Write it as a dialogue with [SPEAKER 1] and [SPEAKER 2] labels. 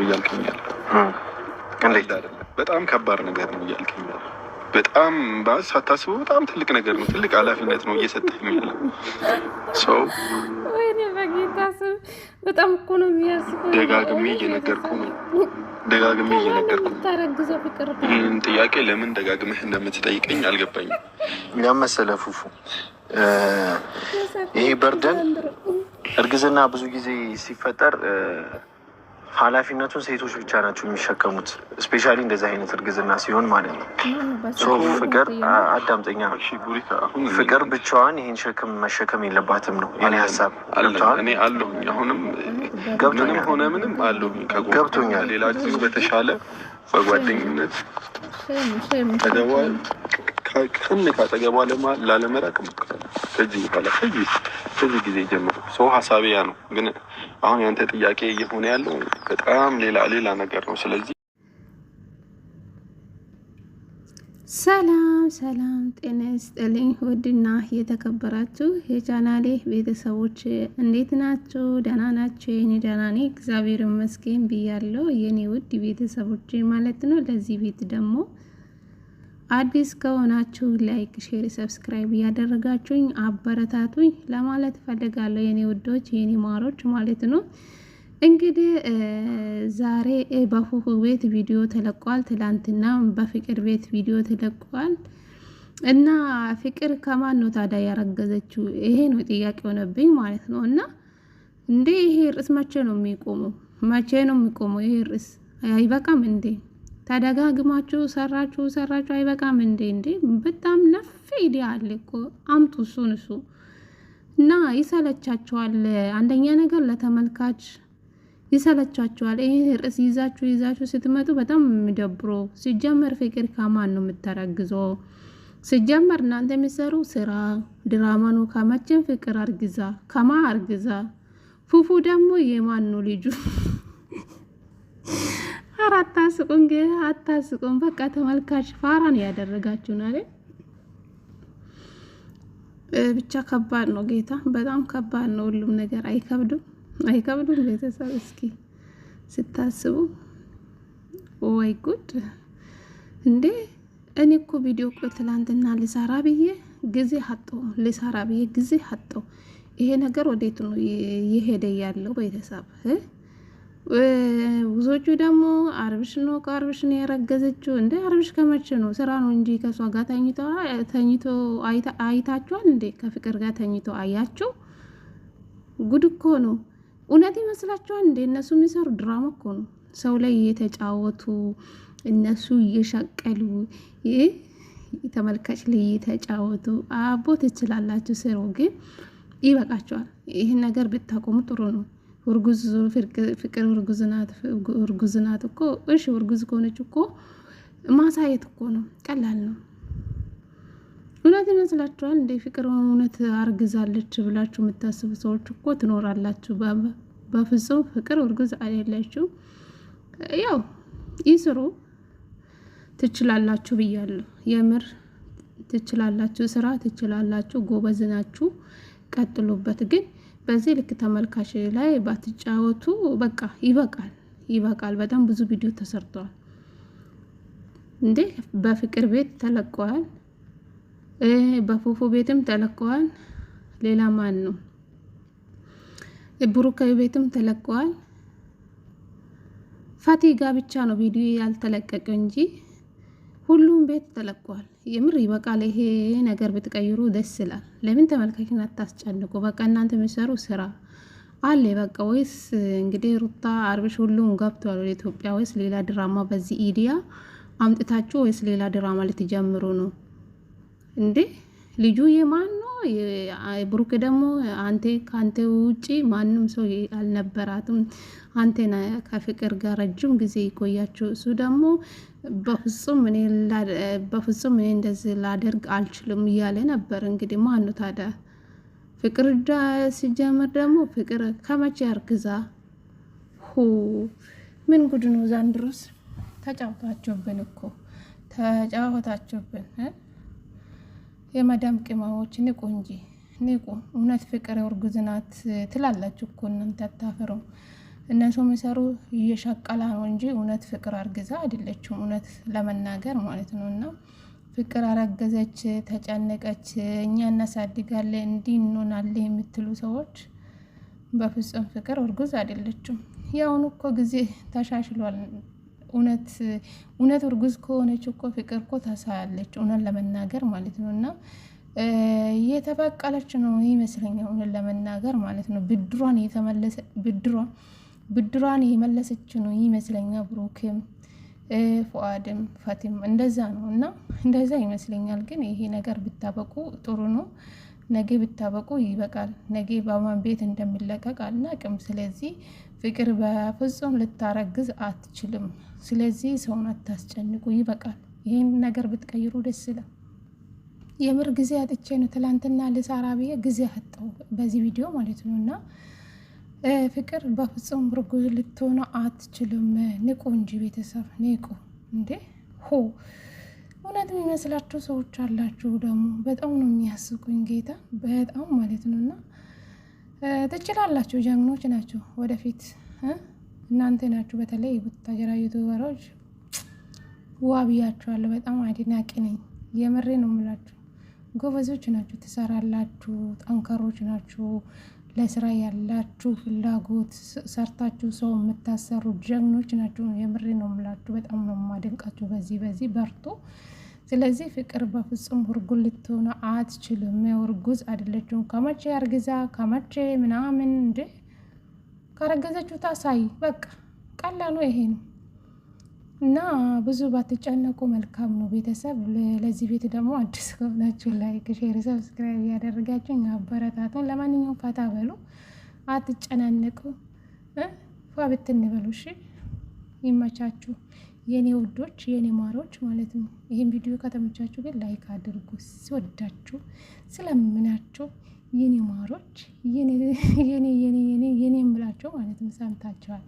[SPEAKER 1] ነው እያልከኝ ያለው? እንዴት
[SPEAKER 2] አይደለም፣ በጣም ከባድ ነገር ነው እያልከኝ ያለው። በጣም ሳታስበው በጣም ትልቅ ነገር ነው፣ ትልቅ ኃላፊነት ነው እየሰጠኝ ያለው
[SPEAKER 3] ሰው። ወይኔ በጌታ ስም በጣም እኮ ነው የሚያስበው።
[SPEAKER 2] ደጋግሜ እየነገርኩ ነው ደጋግሜ እየነገርኩ ይህን ጥያቄ ለምን ደጋግመህ እንደምትጠይቀኝ አልገባኝም።
[SPEAKER 1] እኛም መሰለህ ፉፉ ይሄ በርደን እርግዝና ብዙ ጊዜ ሲፈጠር ኃላፊነቱን ሴቶች ብቻ ናቸው የሚሸከሙት። ስፔሻሊ እንደዚህ አይነት እርግዝና ሲሆን ማለት ነው። ፍቅር አዳምጠኛ ፍቅር ብቻዋን ይህን ሸክም መሸከም የለባትም ነው የኔ ሀሳብ።
[SPEAKER 2] እኔ አለሁኝ አሁንም
[SPEAKER 1] ገብቶኛል፣ ሆነ
[SPEAKER 2] ምንም አለሁኝ ገብቶኛል። ሌላ ጊዜ በተሻለ በጓደኝነት ከደዋ ከን ካጠገቧ ላለመራቅ ከዚህ በኋላ ከዚህ ጊዜ ጀምሮ ሰው ሀሳቤ ያ ነው። ግን አሁን ያንተ ጥያቄ እየሆነ ያለው በጣም ሌላ ሌላ ነገር ነው። ስለዚህ
[SPEAKER 3] ሰላም ሰላም፣ ጤና ይስጥልኝ ውድና የተከበራችሁ የቻናሌ ቤተሰቦች እንዴት ናችሁ? ደህና ናችሁ? የኔ ደህና ነኝ እግዚአብሔር ይመስገን ብያለሁ የኔ ውድ ቤተሰቦች ማለት ነው። ለዚህ ቤት ደግሞ አዲስ ከሆናችሁ ላይክ፣ ሼር፣ ሰብስክራይብ እያደረጋችሁኝ አበረታቱኝ ለማለት ፈልጋለሁ። የኔ ውዶች የኔ ማሮች ማለት ነው። እንግዲህ ዛሬ በፉፉ ቤት ቪዲዮ ተለቋል። ትላንትና በፍቅር ቤት ቪዲዮ ተለቋል። እና ፍቅር ከማን ነው ታዲያ ያረገዘችው? ይሄ ነው ጥያቄ ሆነብኝ ማለት ነው። እና እንዴ ይሄ ርዕስ መቼ ነው የሚቆመው? መቼ ነው የሚቆመው ይሄ ርዕስ? አይበቃም እንዴ? ተደጋግማችሁ ሰራችሁ ሰራችሁ አይበቃም እንዴ? እንዴ በጣም ነፍ ኢዲያ አለ እኮ አምጡ እሱን እሱ እና ይሰለቻችኋል። አንደኛ ነገር ለተመልካች ይሰለቻችኋል። ይህ ርዕስ ይዛችሁ ይዛችሁ ስትመጡ በጣም የሚደብሮ ሲጀመር ፍቅር ከማን ነው የምታረግዘው? ሲጀመር እናንተ የሚሰሩ ስራ ድራማ ነው። ከመቼም ፍቅር አርግዛ ከማ አርግዛ ፉፉ ደግሞ የማን ነው ልጁ? ኧረ አታስቁን ግን አታስቁን። በቃ ተመልካች ፋራ ነው ያደረጋችሁን አይደል? ብቻ ከባድ ነው ጌታ፣ በጣም ከባድ ነው ሁሉም ነገር። አይከብድም አይከብድም። ቤተሰብ እስኪ ስታስቡ ወይ ጉድ እንዴ! እኔ እኮ ቪዲዮ እኮ ትላንትና ልሰራ ብዬ ጊዜ አጣሁ፣ ልሰራ ብዬ ጊዜ አጣሁ። ይሄ ነገር ወዴት ነው የሄደ ያለው ቤተሰብ ብዙዎቹ ደግሞ አርብሽ ነው ከአርብሽ ነው ያረገዘችው። እንደ አርብሽ ከመቼ ነው ስራ ነው እንጂ ከእሷ ጋር ተኝቶ ተኝቶ አይታችኋል እንዴ? ከፍቅር ጋር ተኝቶ አያችሁ? ጉድ እኮ ነው። እውነት ይመስላችኋል እንዴ? እነሱ የሚሰሩ ድራማ እኮ ነው። ሰው ላይ እየተጫወቱ እነሱ እየሸቀሉ ተመልካች ላይ እየተጫወቱ አቦ ትችላላችሁ። ስሩ ግን ይበቃችኋል። ይህን ነገር ብታቆሙ ጥሩ ነው። ፍቅር እርጉዝ ናት እኮ እሺ፣ እርጉዝ ከሆነች እኮ ማሳየት እኮ ነው፣ ቀላል ነው። እውነት ይመስላችኋል እንደ ፍቅር እውነት አርግዛለች ብላችሁ የምታስቡ ሰዎች እኮ ትኖራላችሁ። በፍጹም ፍቅር እርጉዝ አይደለችው። ያው ይስሩ፣ ትችላላችሁ ብያለሁ። የምር ትችላላችሁ፣ ስራ ትችላላችሁ፣ ጎበዝ ናችሁ፣ ቀጥሉበት ግን በዚህ ልክ ተመልካች ላይ ባትጫወቱ በቃ ይበቃል፣ ይበቃል። በጣም ብዙ ቪዲዮ ተሰርተዋል እንዴ! በፍቅር ቤት ተለቀዋል፣ በፉፉ ቤትም ተለቀዋል። ሌላ ማን ነው? ብሩካዊ ቤትም ተለቀዋል። ፋቲጋ ጋ ብቻ ነው ቪዲዮ ያልተለቀቀ እንጂ ሁሉም ቤት ተለቋል። የምር ይበቃል። ይሄ ነገር ብትቀይሩ ደስ ይላል። ለምን ተመልካችን አታስጨንቁ? በቃ እናንተ የሚሰሩ ስራ አለ በቃ። ወይስ እንግዲህ ሩታ አርብሽ ሁሉም ገብቷል ወደ ኢትዮጵያ፣ ወይስ ሌላ ድራማ በዚህ ኢዲያ አምጥታችሁ፣ ወይስ ሌላ ድራማ ልትጀምሩ ነው እንዴ? ልጁ የማን ነው? ብሩክ ደግሞ አንቴ ከአንቴ ውጪ ማንም ሰው አልነበራትም። አንቴና ከፍቅር ጋር ረጅም ጊዜ ይቆያችሁ። እሱ ደግሞ በፍጹም እኔ እንደዚህ ላደርግ አልችልም እያለ ነበር። እንግዲህ ማኑ ታዲያ ፍቅር ዳ ሲጀምር ደግሞ ፍቅር ከመቼ አርግዛ ሁ ምን ጉድ ነው? ዛንድሮስ ተጫውታችሁብን እኮ ተጫወታችሁብን። የማዳም ቅመሞች ንቁ እንጂ ንቁ። እውነት ፍቅር እርጉዝናት ትላላችሁ እኮ እናንተ አታፈሩም። እነሱ የሚሰሩ እየሸቀላ ነው እንጂ እውነት ፍቅር አርግዛ አይደለችም። እውነት ለመናገር ማለት ነው እና ፍቅር አረገዘች፣ ተጨነቀች፣ እኛ እናሳድጋለን፣ እንዲህ እንሆናለን የምትሉ ሰዎች በፍጹም ፍቅር እርጉዝ አይደለችም። ያሁኑ እኮ ጊዜ ተሻሽሏል። እውነት እውነት እርጉዝ ከሆነች እኮ ፍቅር እኮ ታሳያለች፣ እውነት ለመናገር ማለት ነው። እና የተበቀለች ነው ይመስለኛል፣ እውነት ለመናገር ማለት ነው። ብድሯን የተመለሰ ብድሯን ብድሯን የመለሰች ነው ይመስለኛል። ብሩክም ፉአድም ፈቲም እንደዛ ነው እና እንደዛ ይመስለኛል። ግን ይሄ ነገር ብታበቁ ጥሩ ነው። ነገ ብታበቁ ይበቃል። ነገ በማን ቤት እንደሚለቀቅ አናቅም። ስለዚህ ፍቅር በፍጹም ልታረግዝ አትችልም። ስለዚህ ሰውን አታስጨንቁ፣ ይበቃል። ይህን ነገር ብትቀይሩ ደስ ይላል። የምር ጊዜ አጥቼ ነው ትላንትና ልሳራ ብዬ ጊዜ አጠው በዚህ ቪዲዮ ማለት ነው እና ፍቅር በፍጹም ርጉዝ ልትሆነ አትችልም። ንቁ እንጂ ቤተሰብ ንቁ እንዴ ሆ እውነት የሚመስላቸው ሰዎች አላችሁ ደግሞ በጣም ነው የሚያስቁኝ ጌታ በጣም ማለት ነው። እና ትችላላችሁ፣ ጀግኖች ናቸው። ወደፊት እናንተ ናችሁ። በተለይ የቡታጀራ ዩቱበሮች ዋ በጣም አድናቂ ነኝ። የምሬ ነው የምላችሁ። ጎበዞች ናችሁ፣ ትሰራላችሁ፣ ጠንከሮች ናችሁ። ለስራ ያላችሁ ፍላጎት ሰርታችሁ ሰው የምታሰሩ ጀግኖች ናቸው። የምሬ ነው ምላችሁ፣ በጣም ነው የማደንቃችሁ። በዚህ በዚህ በርቶ። ስለዚህ ፍቅር በፍጹም እርጉዝ ልትሆነ አትችልም። እርጉዝ አይደለችም። ከመቼ አርግዛ ከመቼ ምናምን እንዴ፣ ካረገዘችሁ ታሳይ። በቃ ቀላሉ ይሄ ነው። እና ብዙ ባትጨነቁ መልካም ነው። ቤተሰብ ለዚህ ቤት ደግሞ አዲስ ከሆናችሁ ላይክ፣ ሼር፣ ሰብስክራይብ ያደረጋችሁ አበረታቱን። ለማንኛውም ፈታ በሉ፣ አትጨናነቁ፣ ፏ ብትንበሉ። እሺ፣ ይመቻችሁ የኔ ውዶች የኔ ማሮች ማለት ነው። ይህን ቪዲዮ ከተመቻችሁ ግን ላይክ አድርጉ። ሲወዳችሁ ስለምናቸው የኔ ማሮች የኔ የኔ የኔ የኔ የኔ የምላቸው ማለት ነው። ሰምታችኋል።